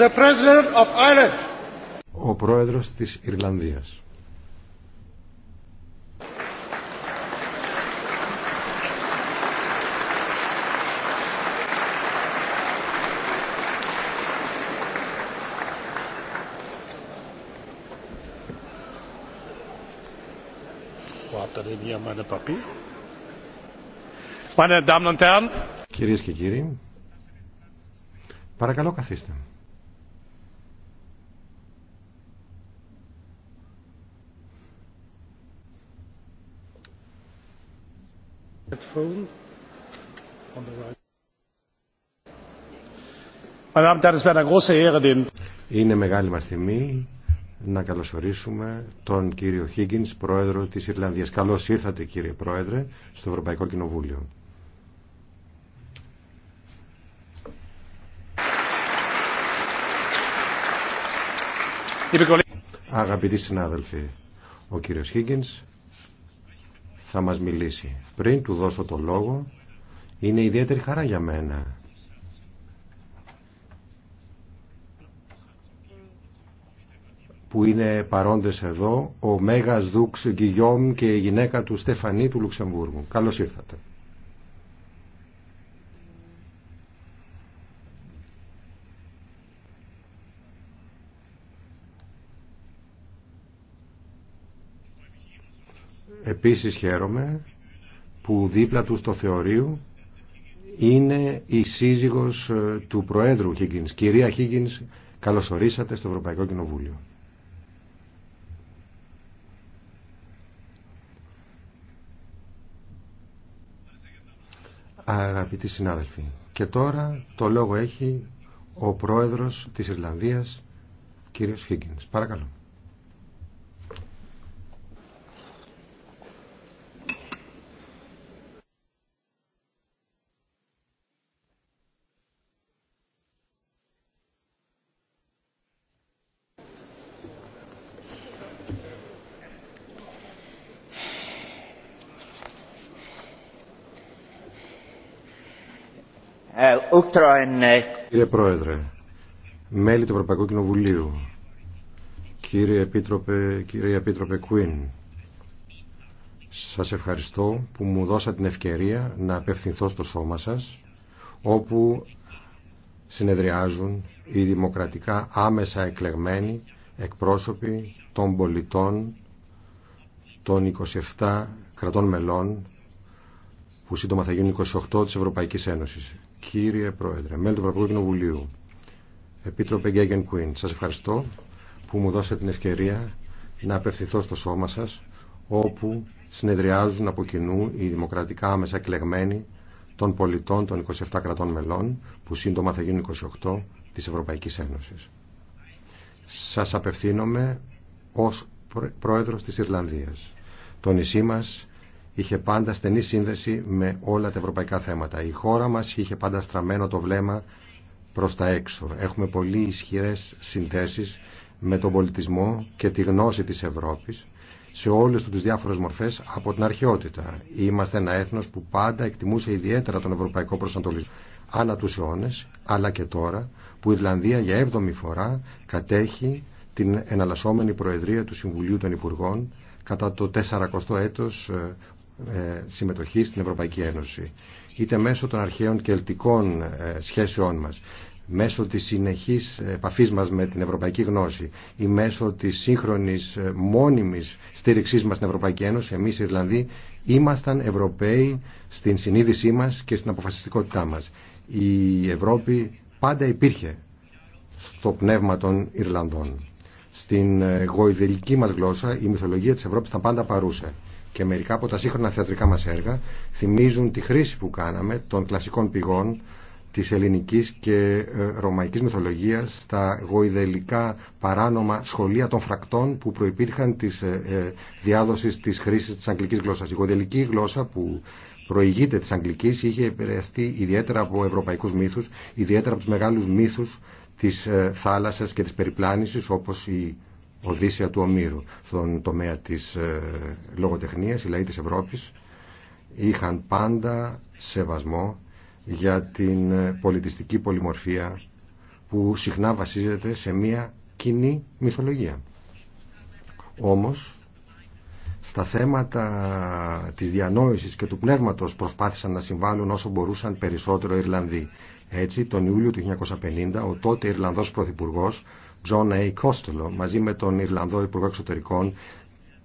The President of Ireland. Ο Πρόεδρος της Ιρλανδίας. Κυρίες και κύριοι, παρακαλώ καθίστε. Είναι μεγάλη μας τιμή να καλωσορίσουμε τον κύριο Χίγκινς, πρόεδρο της Ιρλανδίας. Καλώς ήρθατε κύριε πρόεδρε στο Ευρωπαϊκό Κοινοβούλιο. Αγαπητοί συνάδελφοι, ο κύριος Χίγκινς θα μας μιλήσει. Πριν του δώσω το λόγο, είναι ιδιαίτερη χαρά για μένα. που είναι παρόντες εδώ, ο Μέγας Δούξ Γκυγιόμ και η γυναίκα του Στεφανή του Λουξεμβούργου. Καλώς ήρθατε. Επίσης χαίρομαι που δίπλα του στο θεωρείο είναι η σύζυγος ε, του Προέδρου Χίγκινς. Κυρία Χίγκινς, καλωσορίσατε στο Ευρωπαϊκό Κοινοβούλιο. Αγαπητοί συνάδελφοι, και τώρα το λόγο έχει ο Πρόεδρος της Ιρλανδίας, κύριος Χίγκινς. Παρακαλώ. Κύριε Πρόεδρε, μέλη του Ευρωπαϊκού Κοινοβουλίου, κύριε Επίτροπε, κύριε Επίτροπε Κουίν, σας ευχαριστώ που μου δώσατε την ευκαιρία να απευθυνθώ στο σώμα σας, όπου συνεδριάζουν οι δημοκρατικά άμεσα εκλεγμένοι εκπρόσωποι των πολιτών των 27 κρατών μελών που σύντομα θα γίνουν 28 της Ευρωπαϊκής Ένωσης. Κύριε Πρόεδρε, μέλη του Ευρωπαϊκού Κοινοβουλίου, Επίτροπε Γκέγεν Κουίν, σας ευχαριστώ που μου δώσετε την ευκαιρία να απευθυνθώ στο σώμα σας, όπου συνεδριάζουν από κοινού οι δημοκρατικά άμεσα εκλεγμένοι των πολιτών των 27 κρατών μελών, που σύντομα θα γίνουν 28 της Ευρωπαϊκής Ένωσης. Σας απευθύνομαι ως Πρόεδρος της Ιρλανδίας. Το νησί μας είχε πάντα στενή σύνδεση με όλα τα ευρωπαϊκά θέματα. Η χώρα μας είχε πάντα στραμμένο το βλέμμα προς τα έξω. Έχουμε πολύ ισχυρές συνθέσεις με τον πολιτισμό και τη γνώση της Ευρώπης σε όλες τις διάφορες μορφές από την αρχαιότητα. Είμαστε ένα έθνος που πάντα εκτιμούσε ιδιαίτερα τον ευρωπαϊκό προσανατολισμό ανά τους αιώνες, αλλά και τώρα που η Ιρλανδία για έβδομη φορά κατέχει την εναλλασσόμενη Προεδρία του Συμβουλίου των Υπουργών κατά το 40ο έτος ε, ε, συμμετοχή στην Ευρωπαϊκή Ένωση, είτε μέσω των αρχαίων κελτικών ε, σχέσεών μας, μέσω της συνεχής επαφής μας με την ευρωπαϊκή γνώση ή μέσω της σύγχρονης ε, μόνιμης στήριξής μας στην Ευρωπαϊκή Ένωση, εμείς οι Ιρλανδοί ήμασταν Ευρωπαίοι στην συνείδησή μας και στην αποφασιστικότητά μας. Η Ευρώπη πάντα υπήρχε στο πνεύμα των Ιρλανδών. Στην γοηδελική μας γλώσσα η μυθολογία της Ευρώπης ήταν πάντα παρούσε και μερικά από τα σύγχρονα θεατρικά μας έργα θυμίζουν τη χρήση που κάναμε των κλασικών πηγών της ελληνικής και ε, ρωμαϊκής μυθολογίας στα γοηδελικά παράνομα σχολεία των φρακτών που προϋπήρχαν της ε, ε, διάδοσης της χρήσης της αγγλικής γλώσσας. Η γοηδελική γλώσσα που προηγείται της αγγλικής είχε επηρεαστεί ιδιαίτερα από ευρωπαϊκούς μύθους, ιδιαίτερα από τους μεγάλους μύθους της θάλασσας και της περιπλάνησης όπως η Οδύσσια του Ομήρου. Στον τομέα της ε, λογοτεχνίας, οι λαοί της Ευρώπης είχαν πάντα σεβασμό για την ε, πολιτιστική πολυμορφία που συχνά βασίζεται σε μια κοινή μυθολογία. Όμως, στα θέματα της διανόησης και του πνεύματος προσπάθησαν να συμβάλλουν όσο μπορούσαν περισσότερο Ιρλανδοί. Έτσι, τον Ιούλιο του 1950, ο τότε Ιρλανδός Πρωθυπουργός John A. Costello μαζί με τον Ιρλανδό Υπουργό Εξωτερικών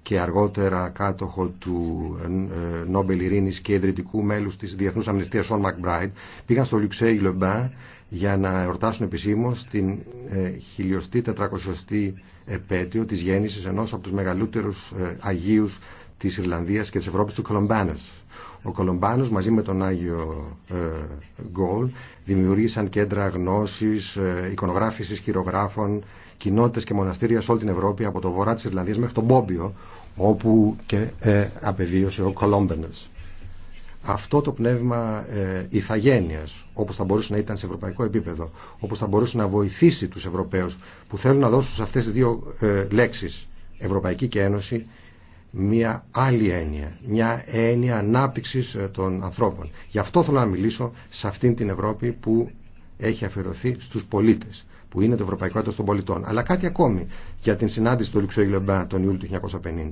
και αργότερα κάτοχο του ε, ε, Νόμπελ Ειρήνη και ιδρυτικού μέλου τη Διεθνού Αμνηστία Σον Μακμπράιντ, πήγαν στο Λουξέι Λεμπάν για να εορτάσουν επισήμω την ε, χιλιοστή τετρακοσιωστή επέτειο τη γέννηση ενό από του μεγαλύτερου Αγίου τη Ιρλανδία και τη Ευρώπη του Κολομπάνε ο Κολομπάνος μαζί με τον Άγιο ε, Γκόλ δημιουργήσαν κέντρα γνώσης, ε, εικονογράφησης, χειρογράφων, κοινότητες και μοναστήρια σε όλη την Ευρώπη από το βορρά της Ιρλανδίας μέχρι τον Μπόμπιο όπου και ε, απεβίωσε ο Κολόμπενες. Αυτό το πνεύμα ε, ηθαγένειας, όπως θα μπορούσε να ήταν σε ευρωπαϊκό επίπεδο, όπως θα μπορούσε να βοηθήσει τους Ευρωπαίους που θέλουν να δώσουν σε αυτές τις δύο λέξεις, Ευρωπαϊκή και Ένωση, μια άλλη έννοια, μια έννοια ανάπτυξης ε, των ανθρώπων. Γι' αυτό θέλω να μιλήσω σε αυτήν την Ευρώπη που έχει αφιερωθεί στους πολίτες, που είναι το Ευρωπαϊκό Έτος των Πολιτών. Αλλά κάτι ακόμη για την συνάντηση του Λουξοϊ Λεμπάν τον Ιούλιο του 1950.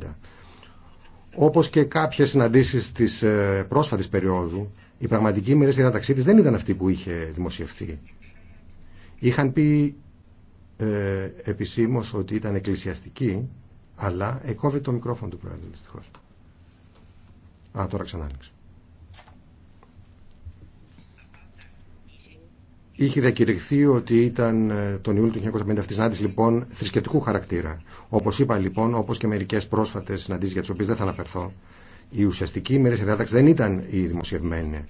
Όπως και κάποιες συναντήσεις της ε, πρόσφατης περίοδου, η πραγματική ημερήσια διάταξή της δεν ήταν αυτή που είχε δημοσιευθεί. Είχαν πει ε, ότι ήταν εκκλησιαστική αλλά εκόβει το μικρόφωνο του Πρόεδρου, δυστυχώ. Α, τώρα ξανά άνοιξε. Είχε διακηρυχθεί ότι ήταν ε, τον Ιούλιο του 1957 συνάντηση λοιπόν θρησκευτικού χαρακτήρα. Όπω είπα λοιπόν, όπω και μερικέ πρόσφατε συναντήσει για τι οποίε δεν θα αναφερθώ, η ουσιαστική ημερήσια διάταξη δεν ήταν η δημοσιευμένη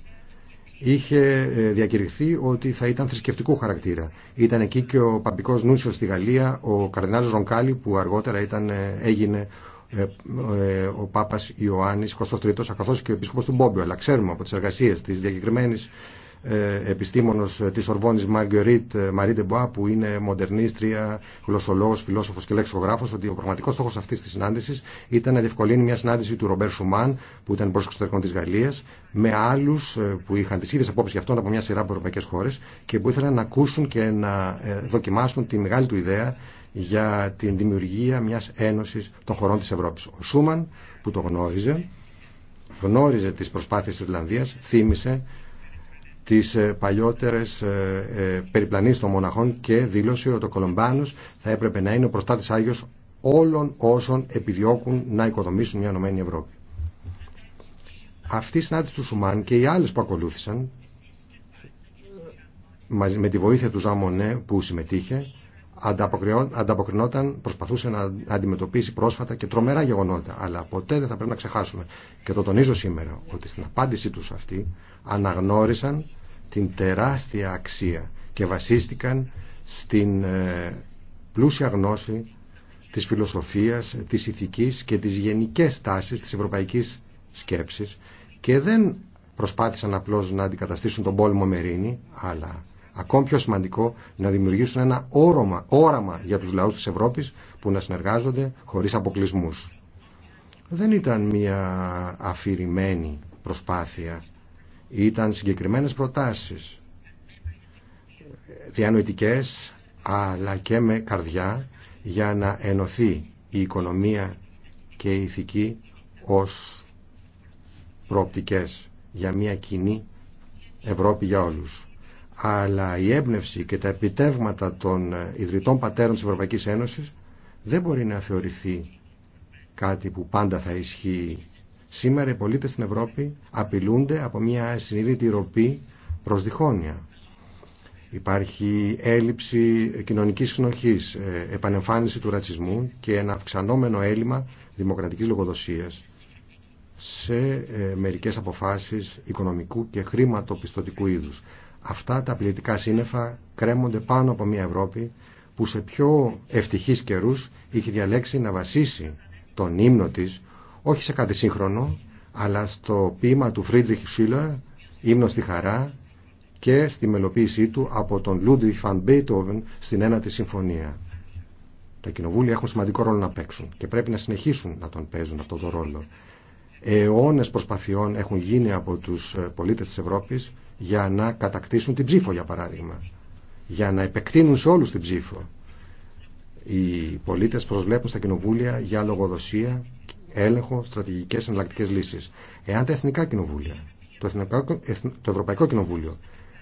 είχε ε, διακηρυχθεί ότι θα ήταν θρησκευτικού χαρακτήρα. Ήταν εκεί και ο παπικός νούσιος στη Γαλλία, ο καρδινάλος Ρονκάλι που αργότερα ήταν, ε, έγινε ε, ο Πάπας Ιωάννης 23ος καθώς και ο επίσκοπος του Μπόμπιο αλλά ξέρουμε από τις εργασίες της διακεκριμένης ε, επιστήμονος ε, της Ορβόνης Μαγκερίτ ε, Μαρίντε Μποά που είναι μοντερνίστρια, γλωσσολόγος, φιλόσοφος και λεξογράφος ότι ο πραγματικός στόχος αυτής της συνάντησης ήταν να διευκολύνει μια συνάντηση του Ρομπέρ Σουμάν που ήταν πρόσωπος εξωτερικών της Γαλλίας με άλλους που είχαν τις ίδιες απόψεις για αυτόν από μια σειρά από ευρωπαϊκές χώρες και που ήθελαν να ακούσουν και να δοκιμάσουν τη μεγάλη του ιδέα για την δημιουργία μιας ένωσης των χωρών της Ευρώπης. Ο Σούμαν που το γνώριζε, γνώριζε τις προσπάθειες της Ιρλανδίας, θύμισε τις ε, παλιότερες ε, ε, περιπλανήσεις των μοναχών και δήλωσε ότι ο Κολομπάνος θα έπρεπε να είναι ο προστάτης Άγιος όλων όσων επιδιώκουν να οικοδομήσουν μια Ενωμένη Ευρώπη. Αυτή η συνάντηση του Σουμάν και οι άλλες που ακολούθησαν με τη βοήθεια του Ζαμονέ που συμμετείχε ανταποκρινόταν, προσπαθούσε να αντιμετωπίσει πρόσφατα και τρομερά γεγονότα. Αλλά ποτέ δεν θα πρέπει να ξεχάσουμε, και το τονίζω σήμερα, ότι στην απάντησή τους αυτή αναγνώρισαν την τεράστια αξία και βασίστηκαν στην ε, πλούσια γνώση της φιλοσοφίας, της ηθικής και της γενικές τάσης της ευρωπαϊκής σκέψης και δεν προσπάθησαν απλώς να αντικαταστήσουν τον πόλεμο Μερίνη, αλλά ακόμη πιο σημαντικό, να δημιουργήσουν ένα όραμα, όραμα για τους λαούς της Ευρώπης που να συνεργάζονται χωρίς αποκλεισμούς. Δεν ήταν μια αφηρημένη προσπάθεια. Ήταν συγκεκριμένες προτάσεις, διανοητικές αλλά και με καρδιά για να ενωθεί η οικονομία και η ηθική ως προοπτικές για μια κοινή Ευρώπη για όλους αλλά η έμπνευση και τα επιτεύγματα των ιδρυτών πατέρων της Ευρωπαϊκής Ένωσης δεν μπορεί να θεωρηθεί κάτι που πάντα θα ισχύει. Σήμερα οι πολίτες στην Ευρώπη απειλούνται από μια συνείδητη ροπή προς διχόνοια. Υπάρχει έλλειψη κοινωνικής συνοχής, ε, επανεμφάνιση του ρατσισμού και ένα αυξανόμενο έλλειμμα δημοκρατικής λογοδοσίας σε ε, μερικές αποφάσεις οικονομικού και χρηματοπιστωτικού είδους. Αυτά τα πληθυντικά σύννεφα κρέμονται πάνω από μια Ευρώπη που σε πιο ευτυχείς καιρούς είχε διαλέξει να βασίσει τον ύμνο της όχι σε κάτι σύγχρονο αλλά στο ποίημα του Φρίντριχ Σίλα «Ύμνο στη χαρά» και στη μελοποίησή του από τον Λούντβιχ Φαν Μπέιτοβεν στην ένατη συμφωνία. Τα κοινοβούλια έχουν σημαντικό ρόλο να παίξουν και πρέπει να συνεχίσουν να τον παίζουν αυτόν τον ρόλο. Αιώνες προσπαθειών έχουν γίνει από τους πολίτες της Ευρώπης για να κατακτήσουν την ψήφο για παράδειγμα για να επεκτείνουν σε όλους την ψήφο οι πολίτες προσβλέπουν στα κοινοβούλια για λογοδοσία έλεγχο, στρατηγικές εναλλακτικές λύσεις εάν τα εθνικά κοινοβούλια το, το Ευρωπαϊκό Κοινοβούλιο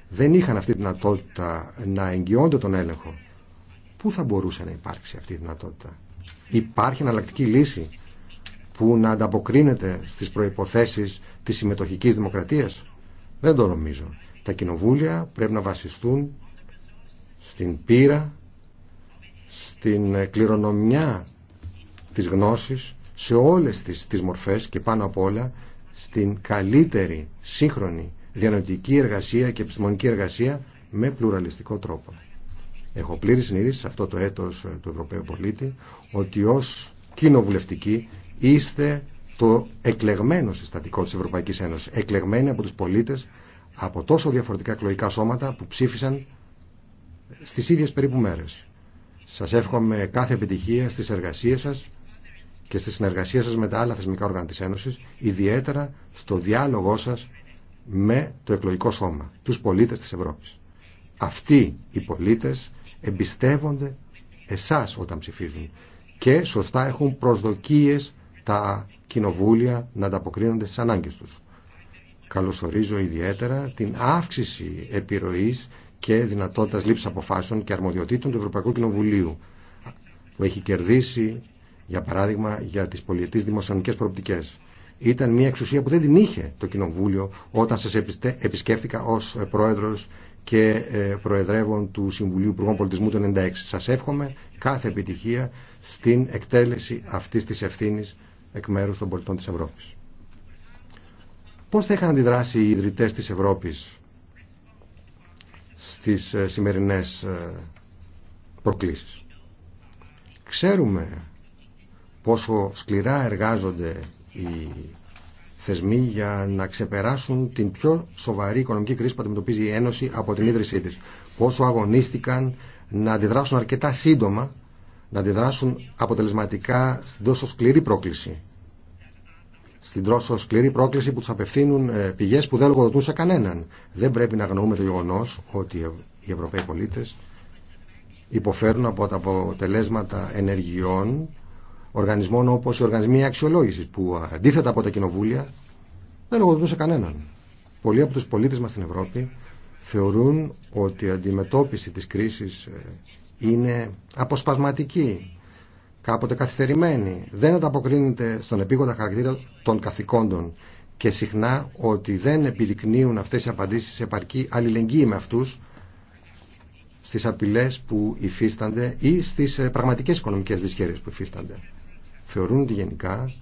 δεν είχαν αυτή τη δυνατότητα να εγγυώνται τον έλεγχο πού θα μπορούσε να υπάρξει αυτή η δυνατότητα υπάρχει εναλλακτική λύση που να ανταποκρίνεται στις προϋποθέσεις της συμμετοχικής δημοκρατίας δεν το νομίζω. Τα κοινοβούλια πρέπει να βασιστούν στην πείρα, στην ε, κληρονομιά της γνώσης, σε όλες τις, τις μορφές και πάνω απ' όλα στην καλύτερη, σύγχρονη, διανοητική εργασία και επιστημονική εργασία με πλουραλιστικό τρόπο. Έχω πλήρη συνείδηση σε αυτό το έτος ε, του Ευρωπαίου Πολίτη ότι ως κοινοβουλευτικοί είστε το εκλεγμένο συστατικό της Ευρωπαϊκής Ένωσης, εκλεγμένοι από τους πολίτες από τόσο διαφορετικά εκλογικά σώματα που ψήφισαν στις ίδιες περίπου μέρες. Σας εύχομαι κάθε επιτυχία στις εργασίες σας και στη συνεργασία σας με τα άλλα θεσμικά όργανα της Ένωσης, ιδιαίτερα στο διάλογό σας με το εκλογικό σώμα, τους πολίτες της Ευρώπης. Αυτοί οι πολίτες εμπιστεύονται εσάς όταν ψηφίζουν και σωστά έχουν προσδοκίες τα κοινοβούλια να ανταποκρίνονται στις ανάγκες τους. Καλωσορίζω ιδιαίτερα την αύξηση επιρροής και δυνατότητας λήψης αποφάσεων και αρμοδιοτήτων του Ευρωπαϊκού Κοινοβουλίου που έχει κερδίσει, για παράδειγμα, για τις πολιτικές δημοσιονομικές προοπτικές. Ήταν μια εξουσία που δεν την είχε το Κοινοβούλιο όταν σας επισκέφτηκα ως πρόεδρος και ε, προεδρεύων του Συμβουλίου Υπουργών Πολιτισμού του 1996. Σας εύχομαι κάθε επιτυχία στην εκτέλεση αυτής της ευθύνης εκ μέρους των πολιτών της Ευρώπης. Πώς θα είχαν αντιδράσει οι ιδρυτές της Ευρώπης στις ε, σημερινές ε, προκλήσεις. Ξέρουμε πόσο σκληρά εργάζονται οι θεσμοί για να ξεπεράσουν την πιο σοβαρή οικονομική κρίση που αντιμετωπίζει η Ένωση από την ίδρυσή της. Πόσο αγωνίστηκαν να αντιδράσουν αρκετά σύντομα να αντιδράσουν αποτελεσματικά στην τόσο σκληρή πρόκληση. Στην τόσο σκληρή πρόκληση που του απευθύνουν ε, πηγέ που δεν λογοδοτούν σε κανέναν. Δεν πρέπει να αγνοούμε το γεγονό ότι οι Ευρωπαίοι πολίτε υποφέρουν από τα αποτελέσματα ενεργειών οργανισμών όπω οι οργανισμοί αξιολόγηση που αντίθετα από τα κοινοβούλια δεν λογοδοτούν σε κανέναν. Πολλοί από του πολίτε μα στην Ευρώπη θεωρούν ότι η αντιμετώπιση της κρίσης ε, είναι αποσπασματική, κάποτε καθυστερημένη, δεν ανταποκρίνεται στον επίγοντα χαρακτήρα των καθηκόντων και συχνά ότι δεν επιδεικνύουν αυτές οι απαντήσεις σε επαρκή αλληλεγγύη με αυτούς στις απειλές που υφίστανται ή στις ε, πραγματικές οικονομικές δυσχέρειες που υφίστανται. Θεωρούν ότι γενικά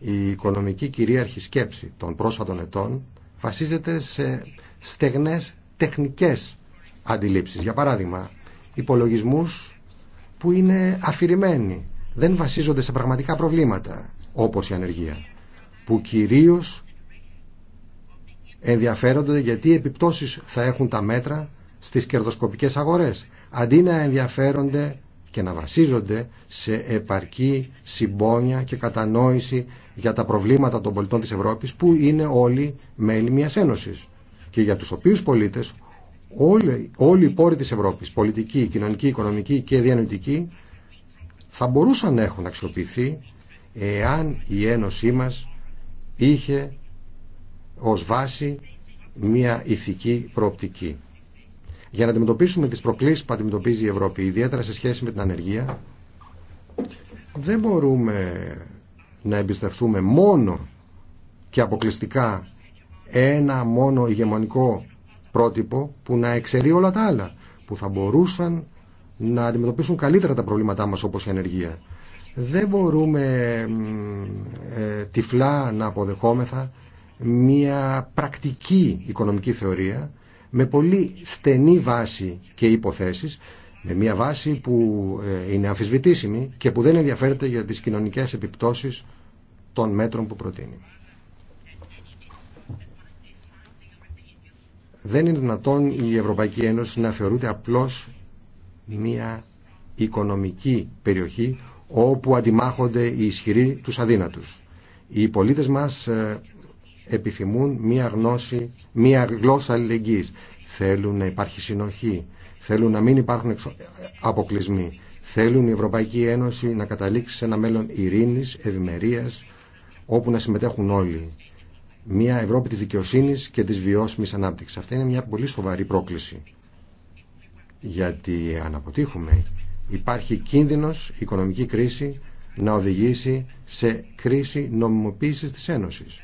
η οικονομική κυρίαρχη σκέψη των πρόσφατων ετών βασίζεται σε στεγνές τεχνικές αντιλήψεις. Για παράδειγμα, υπολογισμούς που είναι αφηρημένοι, δεν βασίζονται σε πραγματικά προβλήματα όπως η ανεργία, που κυρίως ενδιαφέρονται γιατί οι επιπτώσεις θα έχουν τα μέτρα στις κερδοσκοπικές αγορές, αντί να ενδιαφέρονται και να βασίζονται σε επαρκή συμπόνια και κατανόηση για τα προβλήματα των πολιτών της Ευρώπης που είναι όλοι μέλη μιας ένωσης και για τους οποίους πολίτες όλοι, όλοι οι πόροι της Ευρώπης, πολιτική, κοινωνική, οικονομική και διανοητική, θα μπορούσαν να έχουν αξιοποιηθεί εάν η Ένωσή μας είχε ως βάση μια ηθική προοπτική. Για να αντιμετωπίσουμε τις προκλήσεις που αντιμετωπίζει η Ευρώπη, ιδιαίτερα σε σχέση με την ανεργία, δεν μπορούμε να εμπιστευτούμε μόνο και αποκλειστικά ένα μόνο ηγεμονικό πρότυπο που να εξαιρεί όλα τα άλλα, που θα μπορούσαν να αντιμετωπίσουν καλύτερα τα προβλήματά μας όπως η ενεργεία. Δεν μπορούμε ε, τυφλά να αποδεχόμεθα μια πρακτική οικονομική θεωρία με πολύ στενή βάση και υποθέσεις, με μια βάση που ε, είναι αμφισβητήσιμη και που δεν ενδιαφέρεται για τις κοινωνικές επιπτώσεις των μέτρων που προτείνει. Δεν είναι δυνατόν η Ευρωπαϊκή Ένωση να θεωρούνται απλώς μια οικονομική περιοχή όπου αντιμάχονται οι ισχυροί τους αδύνατους. Οι πολίτες μας ε, επιθυμούν μια γνώση, μια γλώσσα αλληλεγγύης. Θέλουν να υπάρχει συνοχή, θέλουν να μην υπάρχουν αποκλεισμοί. Θέλουν η Ευρωπαϊκή Ένωση να καταλήξει σε ένα μέλλον ειρήνης, ευημερίας, όπου να συμμετέχουν όλοι μια Ευρώπη της δικαιοσύνης και της βιώσιμης ανάπτυξης. Αυτή είναι μια πολύ σοβαρή πρόκληση. Γιατί αν αποτύχουμε υπάρχει κίνδυνος η οικονομική κρίση να οδηγήσει σε κρίση νομιμοποίησης της Ένωσης.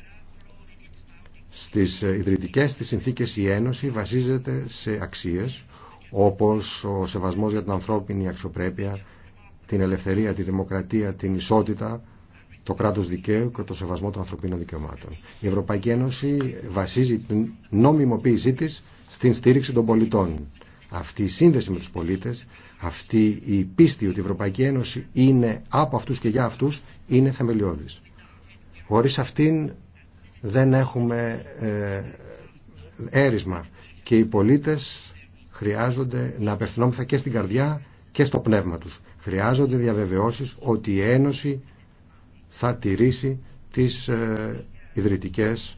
Στις ε, ιδρυτικές της συνθήκες η Ένωση βασίζεται σε αξίες όπως ο σεβασμός για την ανθρώπινη αξιοπρέπεια, την ελευθερία, τη δημοκρατία, την ισότητα, το κράτος δικαίου και το σεβασμό των ανθρωπίνων δικαιωμάτων. Η Ευρωπαϊκή Ένωση βασίζει την νόμιμοποίησή της στην στήριξη των πολιτών. Αυτή η σύνδεση με τους πολίτες, αυτή η πίστη ότι η Ευρωπαϊκή Ένωση είναι από αυτούς και για αυτούς, είναι θεμελιώδης. Χωρίς αυτήν δεν έχουμε ε, έρισμα και οι πολίτες χρειάζονται να απευθυνόμεθα και στην καρδιά και στο πνεύμα τους. Χρειάζονται διαβεβαιώσεις ότι η Ένωση θα τηρήσει τις ε, ιδρυτικές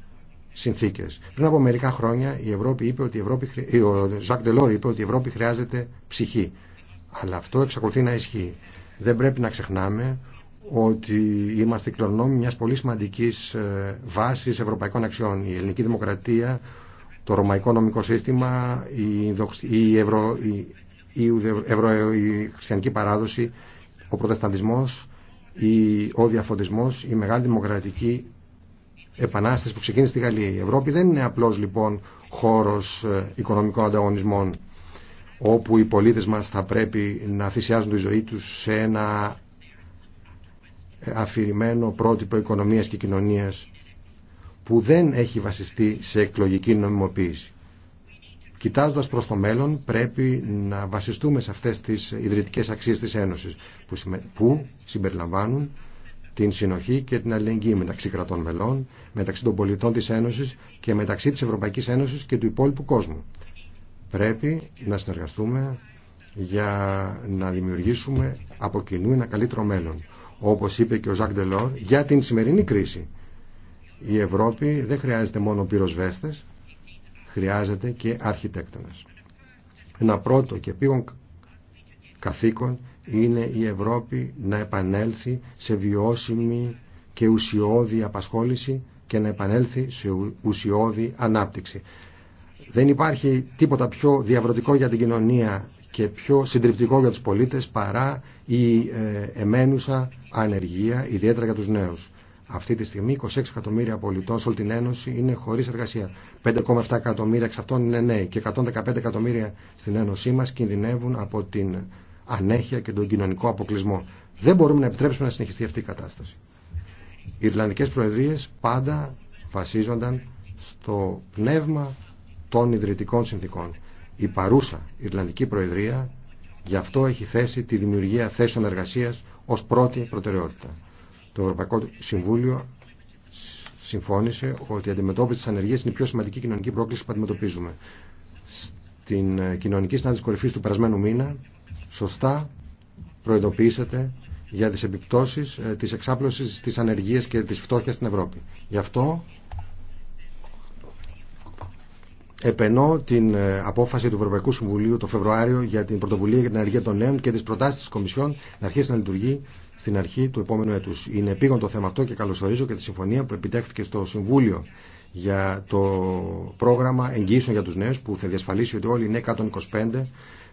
συνθήκες. Πριν από μερικά χρόνια η Ευρώπη είπε ότι η Ευρώπη, ε, ο Ζακ Ντελόρ είπε ότι η Ευρώπη χρειάζεται ψυχή. Αλλά αυτό εξακολουθεί να ισχύει. Δεν πρέπει να ξεχνάμε ότι είμαστε κληρονόμοι μιας πολύ σημαντικής ε, βάσης ευρωπαϊκών αξιών. Η ελληνική δημοκρατία, το ρωμαϊκό νομικό σύστημα, η, ευρω, η, η χριστιανική παράδοση, ο προτεσταντισμός, ο διαφωτισμός, η μεγάλη δημοκρατική επανάσταση που ξεκίνησε στη Γαλλία. Η Ευρώπη δεν είναι απλώς λοιπόν χώρος ε, οικονομικών ανταγωνισμών όπου οι πολίτες μας θα πρέπει να θυσιάζουν τη ζωή τους σε ένα ε, αφηρημένο πρότυπο οικονομίας και κοινωνίας που δεν έχει βασιστεί σε εκλογική νομιμοποίηση. Κοιτάζοντα προ το μέλλον, πρέπει να βασιστούμε σε αυτέ τι ιδρυτικέ αξίε τη Ένωση, που συμπεριλαμβάνουν την συνοχή και την αλληλεγγύη μεταξύ κρατών μελών, μεταξύ των πολιτών τη Ένωση και μεταξύ τη Ευρωπαϊκή Ένωση και του υπόλοιπου κόσμου. Πρέπει να συνεργαστούμε για να δημιουργήσουμε από κοινού ένα καλύτερο μέλλον. Όπω είπε και ο Ζακ Ντελόρ, για την σημερινή κρίση. Η Ευρώπη δεν χρειάζεται μόνο πυροσβέστες, χρειάζεται και αρχιτέκτονες. Ένα πρώτο και πήγον καθήκον είναι η Ευρώπη να επανέλθει σε βιώσιμη και ουσιώδη απασχόληση και να επανέλθει σε ουσιώδη ανάπτυξη. Δεν υπάρχει τίποτα πιο διαβροτικό για την κοινωνία και πιο συντριπτικό για τους πολίτες παρά η ε, εμένουσα ανεργία, ιδιαίτερα για τους νέους. Αυτή τη στιγμή 26 εκατομμύρια πολιτών σε όλη την Ένωση είναι χωρίς εργασία. 5,7 εκατομμύρια εξ αυτών είναι νέοι και 115 εκατομμύρια στην Ένωσή μας κινδυνεύουν από την ανέχεια και τον κοινωνικό αποκλεισμό. Δεν μπορούμε να επιτρέψουμε να συνεχιστεί αυτή η κατάσταση. Οι Ιρλανδικές Προεδρίες πάντα βασίζονταν στο πνεύμα των ιδρυτικών συνθήκων. Η παρούσα Ιρλανδική Προεδρία γι' αυτό έχει θέσει τη δημιουργία θέσεων εργασίας ως πρώτη προτεραιότητα. Το Ευρωπαϊκό Συμβούλιο συμφώνησε ότι η αντιμετώπιση τη ανεργία είναι η πιο σημαντική κοινωνική πρόκληση που αντιμετωπίζουμε. Στην ε, κοινωνική συνάντηση κορυφή του περασμένου μήνα, σωστά προειδοποιήσατε για τι επιπτώσει ε, τη εξάπλωση τη ανεργία και τη φτώχεια στην Ευρώπη. Γι' αυτό επενώ την ε, απόφαση του Ευρωπαϊκού Συμβουλίου το Φεβρουάριο για την πρωτοβουλία για την ανεργία των νέων και τι προτάσει τη Κομισιόν να αρχίσει να λειτουργεί στην αρχή του επόμενου έτους. Είναι επίγον το θέμα αυτό και καλωσορίζω και τη συμφωνία που επιτέχθηκε στο Συμβούλιο για το πρόγραμμα εγγύσεων για τους νέους που θα διασφαλίσει ότι όλοι οι νέοι 125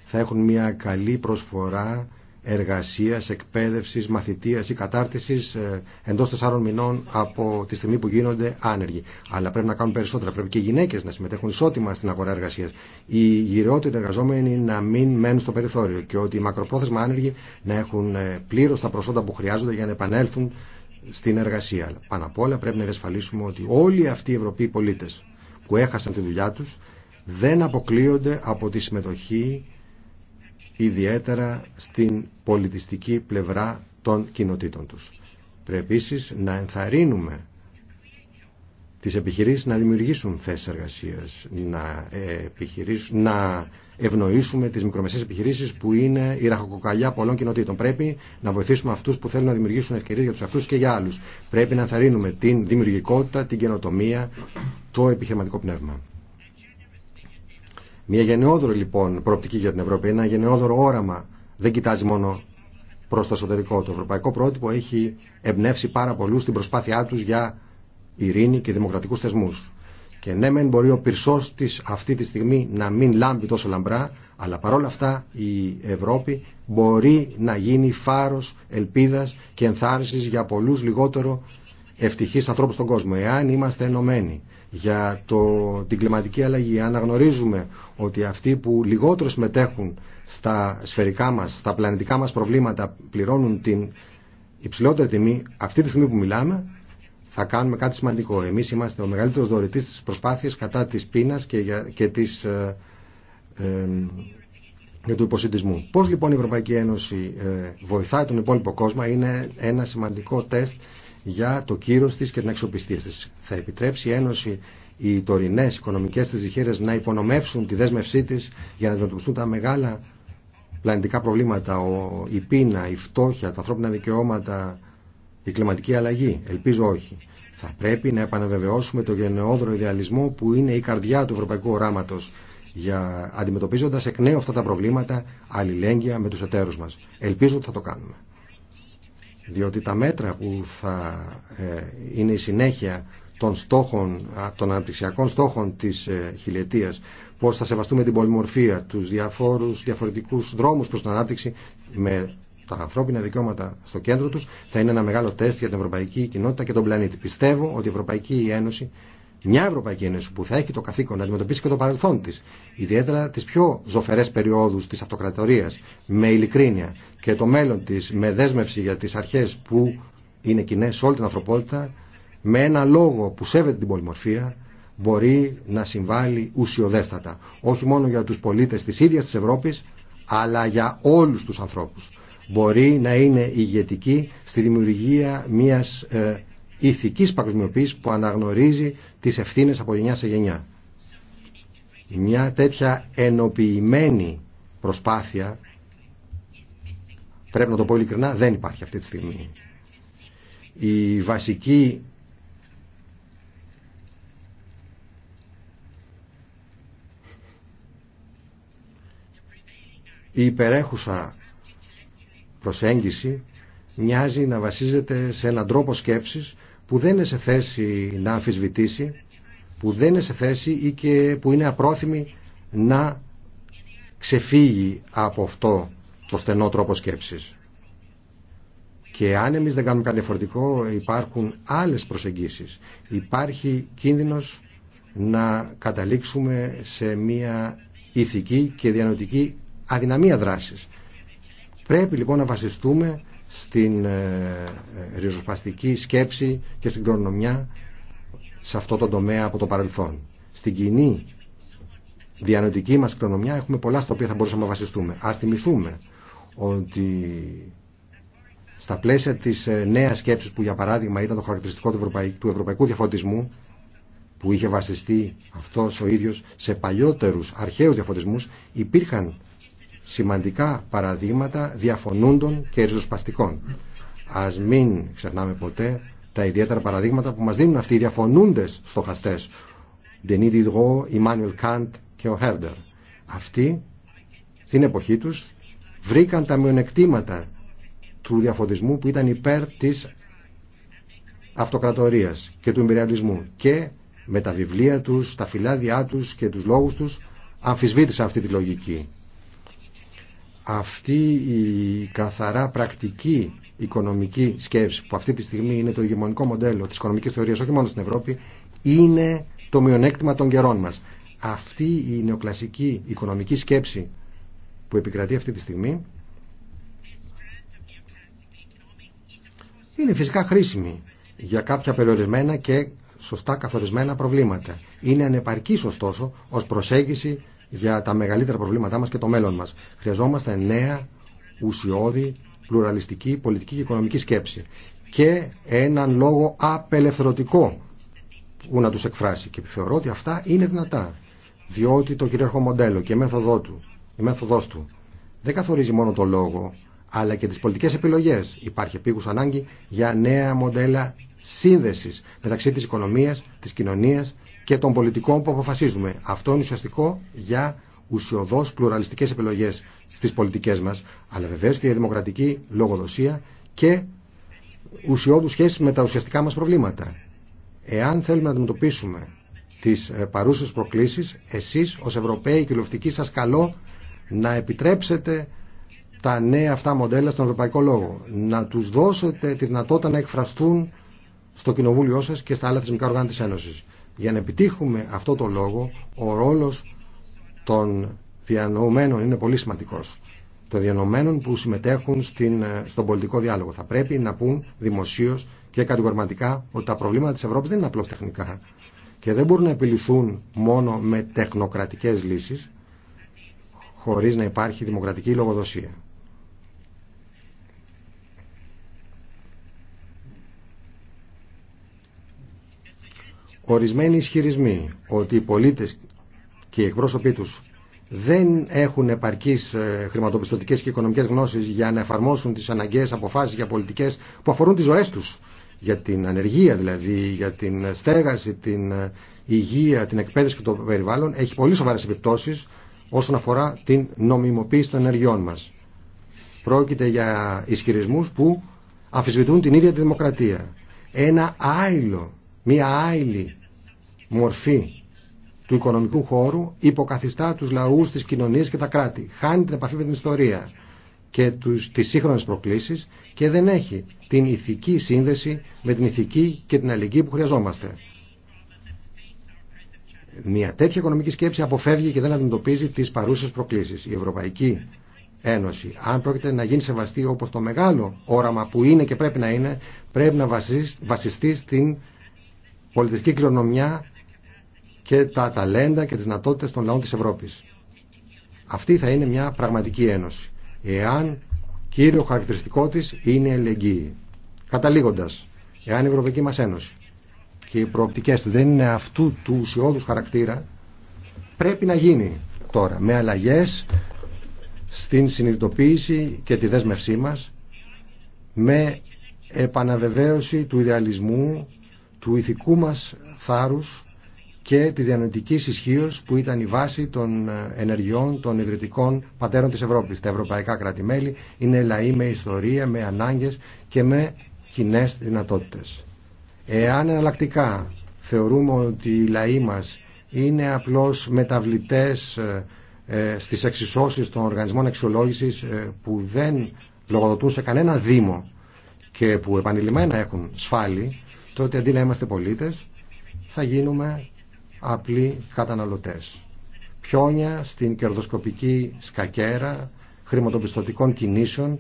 θα έχουν μια καλή προσφορά εργασίας, εκπαίδευσης, μαθητείας ή κατάρτισης ε, εντός τεσσάρων μηνών από τη στιγμή που γίνονται άνεργοι. Αλλά πρέπει να κάνουν περισσότερα. Πρέπει και οι γυναίκες να συμμετέχουν ισότιμα στην αγορά εργασίας. Οι γυρεότεροι εργαζόμενοι να μην μένουν στο περιθώριο και ότι οι μακροπρόθεσμα άνεργοι να έχουν ε, πλήρω τα προσόντα που χρειάζονται για να επανέλθουν στην εργασία. Αλλά πάνω απ' όλα πρέπει να διασφαλίσουμε ότι όλοι αυτοί οι Ευρωπαίοι πολίτες που έχασαν τη δουλειά τους δεν αποκλείονται από τη συμμετοχή ιδιαίτερα στην πολιτιστική πλευρά των κοινοτήτων τους. Πρέπει επίση να ενθαρρύνουμε τις επιχειρήσεις να δημιουργήσουν θέσεις εργασίας, να, να ευνοήσουμε τις μικρομεσαίες επιχειρήσεις που είναι η ραχοκοκαλιά πολλών κοινοτήτων. Πρέπει να βοηθήσουμε αυτούς που θέλουν να δημιουργήσουν ευκαιρίες για τους αυτούς και για άλλους. Πρέπει να ενθαρρύνουμε την δημιουργικότητα, την καινοτομία, το επιχειρηματικό πνεύμα. Μια γενναιόδωρη λοιπόν προοπτική για την Ευρώπη, ένα γενναιόδωρο όραμα. Δεν κοιτάζει μόνο προ το εσωτερικό. Το ευρωπαϊκό πρότυπο έχει εμπνεύσει πάρα πολλού στην προσπάθειά του για ειρήνη και δημοκρατικού θεσμού. Και ναι, μεν μπορεί ο πυρσό τη αυτή τη στιγμή να μην λάμπει τόσο λαμπρά, αλλά παρόλα αυτά η Ευρώπη μπορεί να γίνει φάρο ελπίδα και ενθάρρυνση για πολλού λιγότερο Ευτυχεί ανθρώπου στον κόσμο. Εάν είμαστε ενωμένοι για το, την κλιματική αλλαγή, αν αναγνωρίζουμε ότι αυτοί που λιγότερο συμμετέχουν στα σφαιρικά μα, στα πλανητικά μα προβλήματα πληρώνουν την υψηλότερη τιμή αυτή τη στιγμή που μιλάμε, θα κάνουμε κάτι σημαντικό. Εμεί είμαστε ο μεγαλύτερο δωρητή τη προσπάθεια κατά τη πείνα και, και ε, του υποσυντισμού. Πώς λοιπόν η Ευρωπαϊκή Ένωση ε, βοηθάει τον υπόλοιπο κόσμο είναι ένα σημαντικό τεστ για το κύρος τη και την αξιοπιστία τη. Θα επιτρέψει η Ένωση οι τωρινέ οικονομικέ τη διχείρε να υπονομεύσουν τη δέσμευσή τη για να αντιμετωπιστούν τα μεγάλα πλανητικά προβλήματα, ο, η πείνα, η φτώχεια, τα ανθρώπινα δικαιώματα, η κλιματική αλλαγή. Ελπίζω όχι. Θα πρέπει να επαναβεβαιώσουμε το γενναιόδρο ιδεαλισμό που είναι η καρδιά του ευρωπαϊκού οράματο για αντιμετωπίζοντα εκ νέου αυτά τα προβλήματα αλληλέγγυα με του εταίρου μα. Ελπίζω ότι θα το κάνουμε διότι τα μέτρα που θα ε, είναι η συνέχεια των, στόχων, των αναπτυξιακών στόχων της ε, χιλιετίας, πώς θα σεβαστούμε την πολυμορφία, τους διαφόρους, διαφορετικούς δρόμους προς την ανάπτυξη με τα ανθρώπινα δικαιώματα στο κέντρο τους, θα είναι ένα μεγάλο τεστ για την ευρωπαϊκή κοινότητα και τον πλανήτη. Πιστεύω ότι η Ευρωπαϊκή Ένωση μια Ευρωπαϊκή Ένωση που θα έχει το καθήκον να αντιμετωπίσει και το παρελθόν τη, ιδιαίτερα τι πιο ζωφερέ περιόδου τη αυτοκρατορία, με ειλικρίνεια και το μέλλον τη με δέσμευση για τι αρχέ που είναι κοινέ σε όλη την ανθρωπότητα, με ένα λόγο που σέβεται την πολυμορφία, μπορεί να συμβάλλει ουσιοδέστατα. Όχι μόνο για του πολίτε τη ίδια τη Ευρώπη, αλλά για όλου του ανθρώπου. Μπορεί να είναι ηγετική στη δημιουργία μια ε, ηθικής που αναγνωρίζει τις ευθύνες από γενιά σε γενιά. Μια τέτοια ενοποιημένη προσπάθεια, πρέπει να το πω ειλικρινά, δεν υπάρχει αυτή τη στιγμή. Η βασική η υπερέχουσα προσέγγιση μοιάζει να βασίζεται σε έναν τρόπο σκέψης που δεν είναι σε θέση να αμφισβητήσει, που δεν είναι σε θέση ή και που είναι απρόθυμη να ξεφύγει από αυτό το στενό τρόπο σκέψης. Και αν εμείς δεν κάνουμε κάτι διαφορετικό υπάρχουν άλλες προσεγγίσεις. Υπάρχει κίνδυνος να καταλήξουμε σε μια ηθική και διανοητική αδυναμία δράσης. Πρέπει λοιπόν να βασιστούμε στην ε, ε, ριζοσπαστική σκέψη και στην κληρονομιά σε αυτό το τομέα από το παρελθόν. Στην κοινή διανοητική μας κληρονομιά έχουμε πολλά στα οποία θα μπορούσαμε να βασιστούμε. Ας θυμηθούμε ότι στα πλαίσια της ε, νέας σκέψης που για παράδειγμα ήταν το χαρακτηριστικό του ευρωπαϊκού διαφωτισμού που είχε βασιστεί αυτός ο ίδιος σε παλιότερους αρχαίους διαφωτισμούς υπήρχαν σημαντικά παραδείγματα διαφωνούντων και ριζοσπαστικών. Α μην ξεχνάμε ποτέ τα ιδιαίτερα παραδείγματα που μας δίνουν αυτοί οι διαφωνούντες στοχαστέ Ντενί Διδγό, Ιμάνιουλ Καντ και ο Χέρντερ. Αυτοί στην εποχή τους βρήκαν τα μειονεκτήματα του διαφωτισμού που ήταν υπέρ της αυτοκρατορίας και του υπεριαλισμού και με τα βιβλία τους, τα φυλάδια τους και τους λόγους τους αμφισβήτησαν αυτή τη λογική αυτή η καθαρά πρακτική οικονομική σκέψη που αυτή τη στιγμή είναι το ηγεμονικό μοντέλο της οικονομικής θεωρίας όχι μόνο στην Ευρώπη είναι το μειονέκτημα των καιρών μας. Αυτή η νεοκλασική οικονομική σκέψη που επικρατεί αυτή τη στιγμή είναι φυσικά χρήσιμη για κάποια περιορισμένα και σωστά καθορισμένα προβλήματα. Είναι ανεπαρκής ωστόσο ως προσέγγιση για τα μεγαλύτερα προβλήματά μας και το μέλλον μας. Χρειαζόμαστε νέα, ουσιώδη, πλουραλιστική, πολιτική και οικονομική σκέψη και έναν λόγο απελευθερωτικό που να τους εκφράσει. Και θεωρώ ότι αυτά είναι δυνατά, διότι το κυρίαρχο μοντέλο και η μέθοδό του, η μέθοδός του δεν καθορίζει μόνο το λόγο, αλλά και τις πολιτικές επιλογές. Υπάρχει επίγουσα ανάγκη για νέα μοντέλα σύνδεσης μεταξύ της οικονομίας, της κοινωνίας και των πολιτικών που αποφασίζουμε. Αυτό είναι ουσιαστικό για ουσιοδό πλουραλιστικέ επιλογέ στι πολιτικέ μα, αλλά βεβαίω και για δημοκρατική λογοδοσία και ουσιώδου σχέση με τα ουσιαστικά μα προβλήματα. Εάν θέλουμε να αντιμετωπίσουμε τι ε, παρούσε προκλήσει, εσεί ω Ευρωπαίοι κοινοβουλευτικοί σα καλώ να επιτρέψετε τα νέα αυτά μοντέλα στον ευρωπαϊκό λόγο. Να του δώσετε τη δυνατότητα να εκφραστούν στο κοινοβούλιο σα και στα άλλα θεσμικά οργάνα τη Ένωση. Για να επιτύχουμε αυτό το λόγο, ο ρόλος των διανοωμένων είναι πολύ σημαντικός. Των διανοωμένων που συμμετέχουν στην, ε, στον πολιτικό διάλογο. Θα πρέπει να πούν δημοσίω και κατηγορηματικά ότι τα προβλήματα της Ευρώπης δεν είναι απλώς τεχνικά και δεν μπορούν να επιληθούν μόνο με τεχνοκρατικές λύσεις χωρίς να υπάρχει δημοκρατική λογοδοσία. Ορισμένοι ισχυρισμοί ότι οι πολίτες και οι εκπρόσωποι τους δεν έχουν επαρκείς ε, χρηματοπιστωτικές και οικονομικές γνώσεις για να εφαρμόσουν τις αναγκαίες αποφάσεις για πολιτικές που αφορούν τις ζωέ τους, για την ανεργία δηλαδή, για την στέγαση, την ε, υγεία, την εκπαίδευση και το περιβάλλον, έχει πολύ σοβαρές επιπτώσεις όσον αφορά την νομιμοποίηση των ενεργειών μας. Πρόκειται για ισχυρισμούς που αμφισβητούν την ίδια τη δημοκρατία. Ένα άειλο, μία άειλη μορφή του οικονομικού χώρου υποκαθιστά τους λαούς, τις κοινωνίες και τα κράτη. Χάνει την επαφή με την ιστορία και τους, τις σύγχρονες προκλήσεις και δεν έχει την ηθική σύνδεση με την ηθική και την αλληλεγγύη που χρειαζόμαστε. Μια τέτοια οικονομική σκέψη αποφεύγει και δεν αντιμετωπίζει τις παρούσες προκλήσεις. Η Ευρωπαϊκή Ένωση, αν πρόκειται να γίνει σεβαστή όπως το μεγάλο όραμα που είναι και πρέπει να είναι, πρέπει να βασιστεί στην πολιτιστική κληρονομιά και τα ταλέντα και τις δυνατότητε των λαών της Ευρώπης. Αυτή θα είναι μια πραγματική ένωση, εάν κύριο χαρακτηριστικό της είναι η ελεγγύη. Καταλήγοντας, εάν η Ευρωπαϊκή μας Ένωση και οι προοπτικές δεν είναι αυτού του ουσιώδους χαρακτήρα, πρέπει να γίνει τώρα με αλλαγές στην συνειδητοποίηση και τη δέσμευσή μας, με επαναβεβαίωση του ιδεαλισμού, του ηθικού μας θάρρους, και τη διανοητική ισχύω που ήταν η βάση των ε, ενεργειών των ιδρυτικών πατέρων της Ευρώπης. Τα ευρωπαϊκά κράτη-μέλη είναι λαοί με ιστορία, με ανάγκες και με κοινέ δυνατότητε. Εάν εναλλακτικά θεωρούμε ότι οι λαοί μα είναι απλώς μεταβλητέ ε, ε, στις εξισώσεις των οργανισμών αξιολόγηση που δεν λογοδοτούν σε κανένα δήμο και που επανειλημμένα έχουν σφάλει, τότε αντί να είμαστε πολίτε, θα γίνουμε απλοί καταναλωτές. Πιόνια στην κερδοσκοπική σκακέρα χρηματοπιστωτικών κινήσεων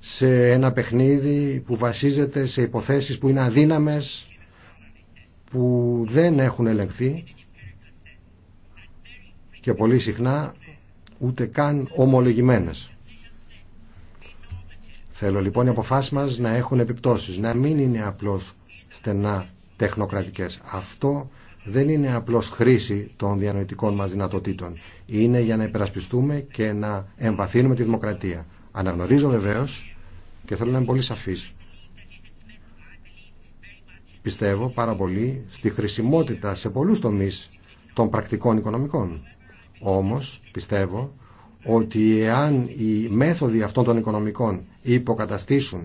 σε ένα παιχνίδι που βασίζεται σε υποθέσεις που είναι αδύναμες, που δεν έχουν ελεγχθεί και πολύ συχνά ούτε καν ομολογημένες. Θέλω λοιπόν οι αποφάσεις μας να έχουν επιπτώσεις, να μην είναι απλώς στενά τεχνοκρατικές. Αυτό δεν είναι απλώς χρήση των διανοητικών μας δυνατοτήτων. Είναι για να υπερασπιστούμε και να εμβαθύνουμε τη δημοκρατία. Αναγνωρίζω βεβαίω και θέλω να είμαι πολύ σαφή. Πιστεύω πάρα πολύ στη χρησιμότητα σε πολλούς τομείς των πρακτικών οικονομικών. Όμως πιστεύω ότι εάν οι μέθοδοι αυτών των οικονομικών υποκαταστήσουν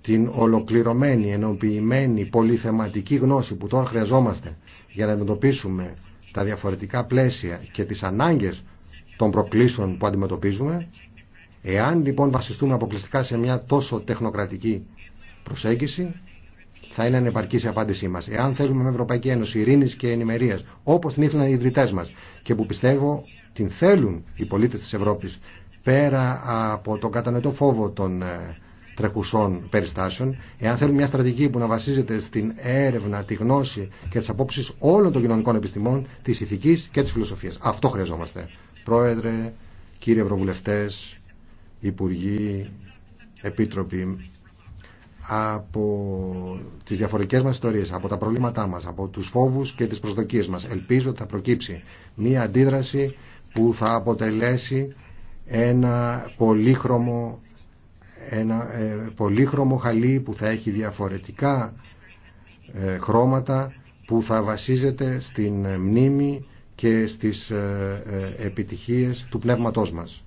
την ολοκληρωμένη, ενοποιημένη, πολυθεματική γνώση που τώρα χρειαζόμαστε για να αντιμετωπίσουμε τα διαφορετικά πλαίσια και τις ανάγκες των προκλήσεων που αντιμετωπίζουμε, εάν λοιπόν βασιστούμε αποκλειστικά σε μια τόσο τεχνοκρατική προσέγγιση, θα είναι ανεπαρκή η απάντησή μα. Εάν θέλουμε με Ευρωπαϊκή Ένωση ειρήνη και ενημερία, όπω την ήθελαν οι ιδρυτέ μα και που πιστεύω την θέλουν οι πολίτες της Ευρώπης πέρα από τον κατανοητό φόβο των ε, τρεχουσών περιστάσεων, εάν θέλουν μια στρατηγική που να βασίζεται στην έρευνα, τη γνώση και τι απόψει όλων των κοινωνικών επιστημών, τη ηθικής και τη φιλοσοφία. Αυτό χρειαζόμαστε. Πρόεδρε, κύριε Ευρωβουλευτέ, υπουργοί, επίτροποι, από τις διαφορετικές μας ιστορίες, από τα προβλήματά μας, από τους φόβους και τις προσδοκίες μας. Ελπίζω ότι θα προκύψει μία αντίδραση που θα αποτελέσει ένα πολύχρωμο, ένα ε, χαλί που θα έχει διαφορετικά ε, χρώματα που θα βασίζεται στην ε, μνήμη και στις ε, επιτυχίες του πνεύματός μας.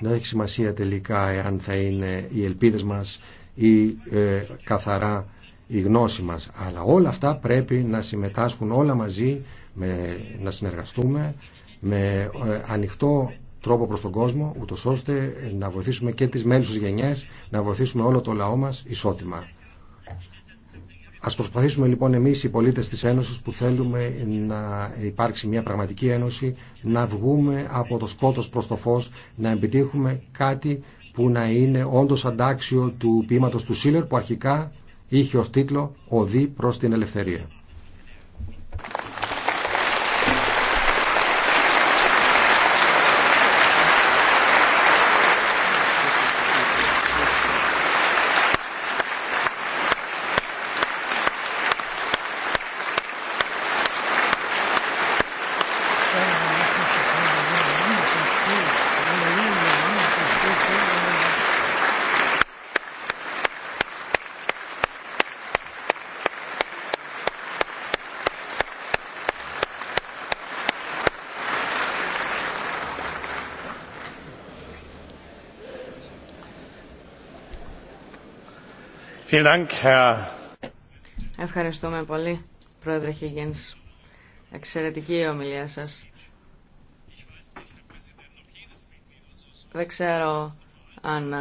Δεν έχει σημασία τελικά εάν θα είναι οι ελπίδες μας ή καθαρά η γνώση μας. Αλλά όλα αυτά πρέπει να συμμετάσχουν όλα μαζί με, να συνεργαστούμε με ε, ανοιχτό τρόπο προς τον κόσμο, ούτως ώστε να βοηθήσουμε και τις μέλους της γενιάς, να βοηθήσουμε όλο το λαό μας ισότιμα. Ας προσπαθήσουμε λοιπόν εμείς οι πολίτες της Ένωσης που θέλουμε να υπάρξει μια πραγματική ένωση, να βγούμε από το σκότος προς το φως, να επιτύχουμε κάτι που να είναι όντως αντάξιο του ποίηματος του Σίλερ που αρχικά είχε ως τίτλο «Οδή προς την ελευθερία». Ευχαριστούμε πολύ, Πρόεδρε Χιγγένς. Εξαιρετική η ομιλία σας. Δεν ξέρω αν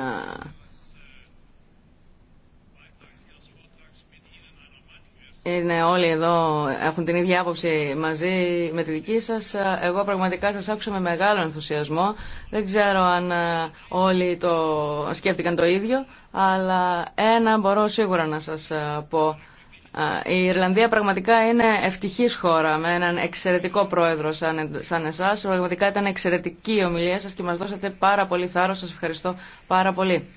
είναι όλοι εδώ, έχουν την ίδια άποψη μαζί με τη δική σας. Εγώ πραγματικά σας άκουσα με μεγάλο ενθουσιασμό. Δεν ξέρω αν όλοι το σκέφτηκαν το ίδιο αλλά ένα μπορώ σίγουρα να σας ε, πω. Ε, η Ιρλανδία πραγματικά είναι ευτυχής χώρα με έναν εξαιρετικό πρόεδρο σαν, σαν εσάς. Πραγματικά ήταν εξαιρετική η ομιλία σας και μας δώσατε πάρα πολύ θάρρος. Σας ευχαριστώ πάρα πολύ.